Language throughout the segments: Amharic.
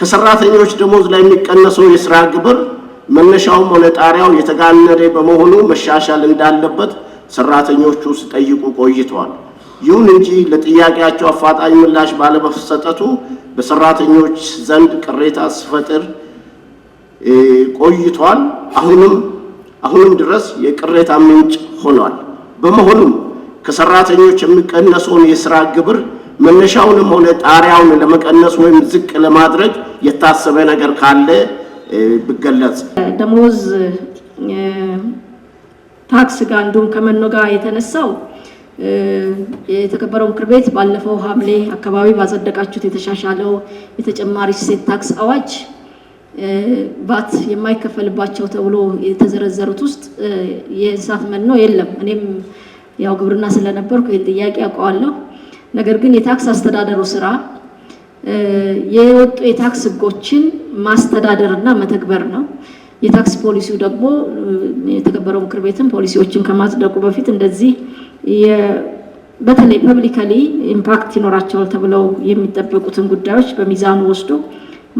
ከሰራተኞች ደሞዝ ላይ የሚቀነሰው የስራ ግብር መነሻውም ሆነ ጣሪያው በመሆኑ መሻሻል እንዳለበት ሰራተኞቹ ሲጠይቁ ቆይተዋል። ይሁን እንጂ ለጥያቄያቸው አፋጣኝ ምላሽ ባለመሰጠቱ በሰራተኞች ዘንድ ቅሬታ ሲፈጥር ቆይቷል። አሁንም አሁንም ድረስ የቅሬታ ምንጭ ሆኗል። በመሆኑም ከሰራተኞች የሚቀነሰውን የስራ ግብር መነሻውንም ሆነ ጣሪያውን ለመቀነስ ወይም ዝቅ ለማድረግ የታሰበ ነገር ካለ ብገለጽ ደሞዝ ታክስ ጋር እንዲሁም ከመኖ ጋር የተነሳው የተከበረው ምክር ቤት ባለፈው ሐምሌ አካባቢ ባጸደቃችሁት የተሻሻለው የተጨማሪ እሴት ታክስ አዋጅ ባት የማይከፈልባቸው ተብሎ የተዘረዘሩት ውስጥ የእንስሳት መኖ የለም። እኔም ያው ግብርና ስለነበርኩ ይህን ጥያቄ ያውቀዋለሁ። ነገር ግን የታክስ አስተዳደሩ ስራ የወጡ የታክስ ህጎችን ማስተዳደር እና መተግበር ነው። የታክስ ፖሊሲው ደግሞ የተከበረው ምክር ቤትም ፖሊሲዎችን ከማጽደቁ በፊት እንደዚህ በተለይ ፐብሊካሊ ኢምፓክት ይኖራቸዋል ተብለው የሚጠበቁትን ጉዳዮች በሚዛኑ ወስዶ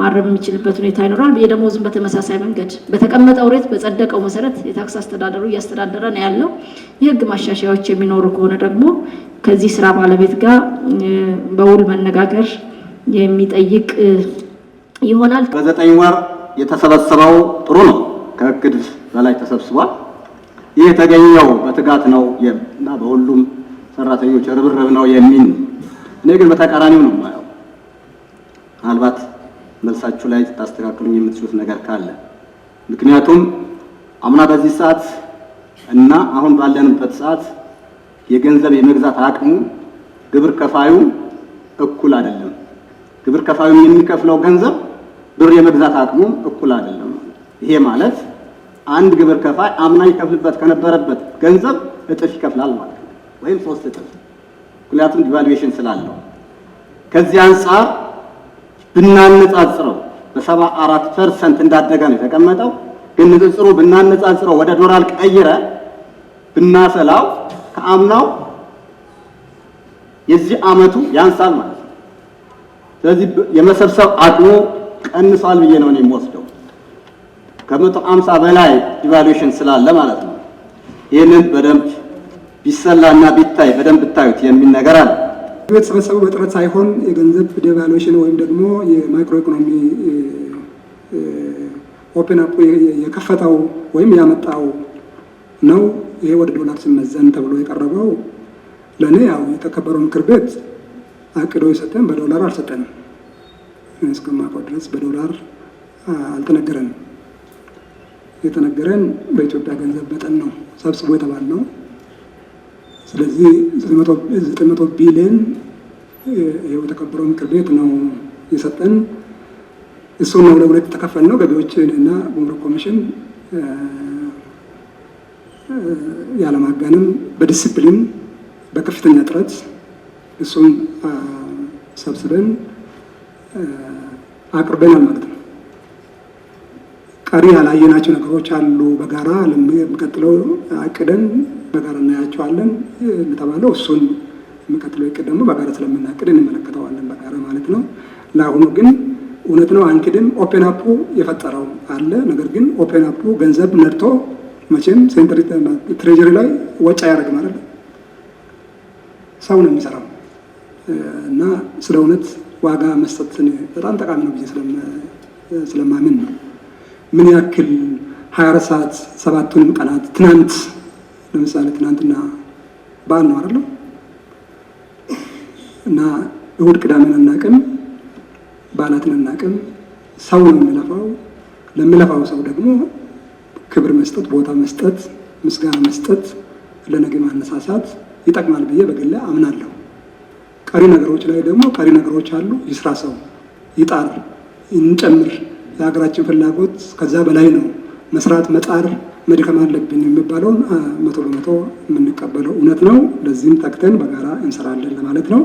ማረም የሚችልበት ሁኔታ ይኖራል። የደሞዝን በተመሳሳይ መንገድ በተቀመጠው ሬት በጸደቀው መሰረት የታክስ አስተዳደሩ እያስተዳደረ ነው ያለው። የህግ ማሻሻያዎች የሚኖሩ ከሆነ ደግሞ ከዚህ ስራ ባለቤት ጋር በውል መነጋገር የሚጠይቅ ይሆናል። በዘጠኝ ወር የተሰበሰበው ጥሩ ነው፣ ከእቅድ በላይ ተሰብስቧል። ይህ የተገኘው በትጋት ነው እና በሁሉም ሰራተኞች ርብርብ ነው የሚል እኔ ግን በተቃራኒው ነው የማየው። ምናልባት መልሳችሁ ላይ ታስተካክሉኝ የምትችሉት ነገር ካለ ምክንያቱም አምና በዚህ ሰዓት እና አሁን ባለንበት ሰዓት የገንዘብ የመግዛት አቅሙ ግብር ከፋዩ እኩል አይደለም። ግብር ከፋዩ የሚከፍለው ገንዘብ ብር የመግዛት አቅሙም እኩል አይደለም። ይሄ ማለት አንድ ግብር ከፋይ አምና ይከፍልበት ከነበረበት ገንዘብ እጥፍ ይከፍላል ማለት ነው፣ ወይም ሶስት እጥፍ ምክንያቱም ዲቫሉዌሽን ስላለው። ከዚህ አንጻር ብናነጻጽረው በሰባ አራት ፐርሰንት እንዳደገ ነው የተቀመጠው። ግን ንጽጽሩ ብናነጻጽረው ወደ ዶላር ቀይረ ብናሰላው ከአምናው የዚህ አመቱ ያንሳል ማለት ስለዚህ የመሰብሰብ አቅሙ ቀንሷል ብዬ ነው የምወስደው። ከመቶ አምሳ በላይ ኢቫሉዌሽን ስላለ ማለት ነው። ይህንን በደንብ ቢሰላና ቢታይ በደንብ ብታዩት የሚል ነገር አለ። የመሰብሰቡ እጥረት ሳይሆን የገንዘብ ዴቫሉዌሽን ወይም ደግሞ የማይክሮ ኢኮኖሚ ኦፕን አፕ የከፈተው ወይም ያመጣው ነው። ይሄ ወደ ዶላር ሲመዘን ተብሎ የቀረበው ለእኔ ያው የተከበረው ምክር ቤት አቅዶ የሰጠን በዶላር አልሰጠንም። እስከማውቀው ድረስ በዶላር አልተነገረንም። የተነገረን በኢትዮጵያ ገንዘብ መጠን ነው ሰብስቦ የተባል ነው። ስለዚህ ዘጠኝ መቶ ቢሊዮን ይኸው የተከበረው ምክር ቤት ነው የሰጠን። እሱን ነው ለሁለት የተከፈል ነው ገቢዎች እና ጉምሩክ ኮሚሽን ያለማጋንም በዲስፕሊን በከፍተኛ ጥረት እሱም ሰብስበን አቅርበናል ማለት ነው። ቀሪ ያላየናቸው ነገሮች አሉ። በጋራ የሚቀጥለው አቅደን በጋራ እናያቸዋለን እንደተባለው እሱን የሚቀጥለው እቅድ ደግሞ በጋራ ስለምናቅድ እንመለከተዋለን በጋራ ማለት ነው። ለአሁኑ ግን እውነት ነው አንክድም። ኦፔን አፑ የፈጠረው አለ። ነገር ግን ኦፔን አፑ ገንዘብ ነድቶ መቼም ሴንትሪ ትሬጀሪ ላይ ወጪ አያደርግም አይደለም ሰው ነው የሚሰራው እና ስለ እውነት ዋጋ መስጠትን በጣም ጠቃሚ ነው ብዬ ስለማምን ነው። ምን ያክል ሀያ አራት ሰዓት ሰባቱንም ቀናት ትናንት ለምሳሌ ትናንትና በዓል ነው አይደለም እና እሁድ ቅዳሜን አናቅም፣ በዓላትን አናቅም። ሰው ነው የሚለፋው። ለሚለፋው ሰው ደግሞ ክብር መስጠት፣ ቦታ መስጠት፣ ምስጋና መስጠት፣ ለነገ ማነሳሳት ይጠቅማል ብዬ በግሌ አምናለሁ። ቀሪ ነገሮች ላይ ደግሞ ቀሪ ነገሮች አሉ። ይስራ ሰው ይጣር፣ እንጨምር። የሀገራችን ፍላጎት ከዛ በላይ ነው። መስራት፣ መጣር፣ መድከም አለብን የሚባለውን መቶ በመቶ የምንቀበለው እውነት ነው። ለዚህም ተግተን በጋራ እንሰራለን ለማለት ነው።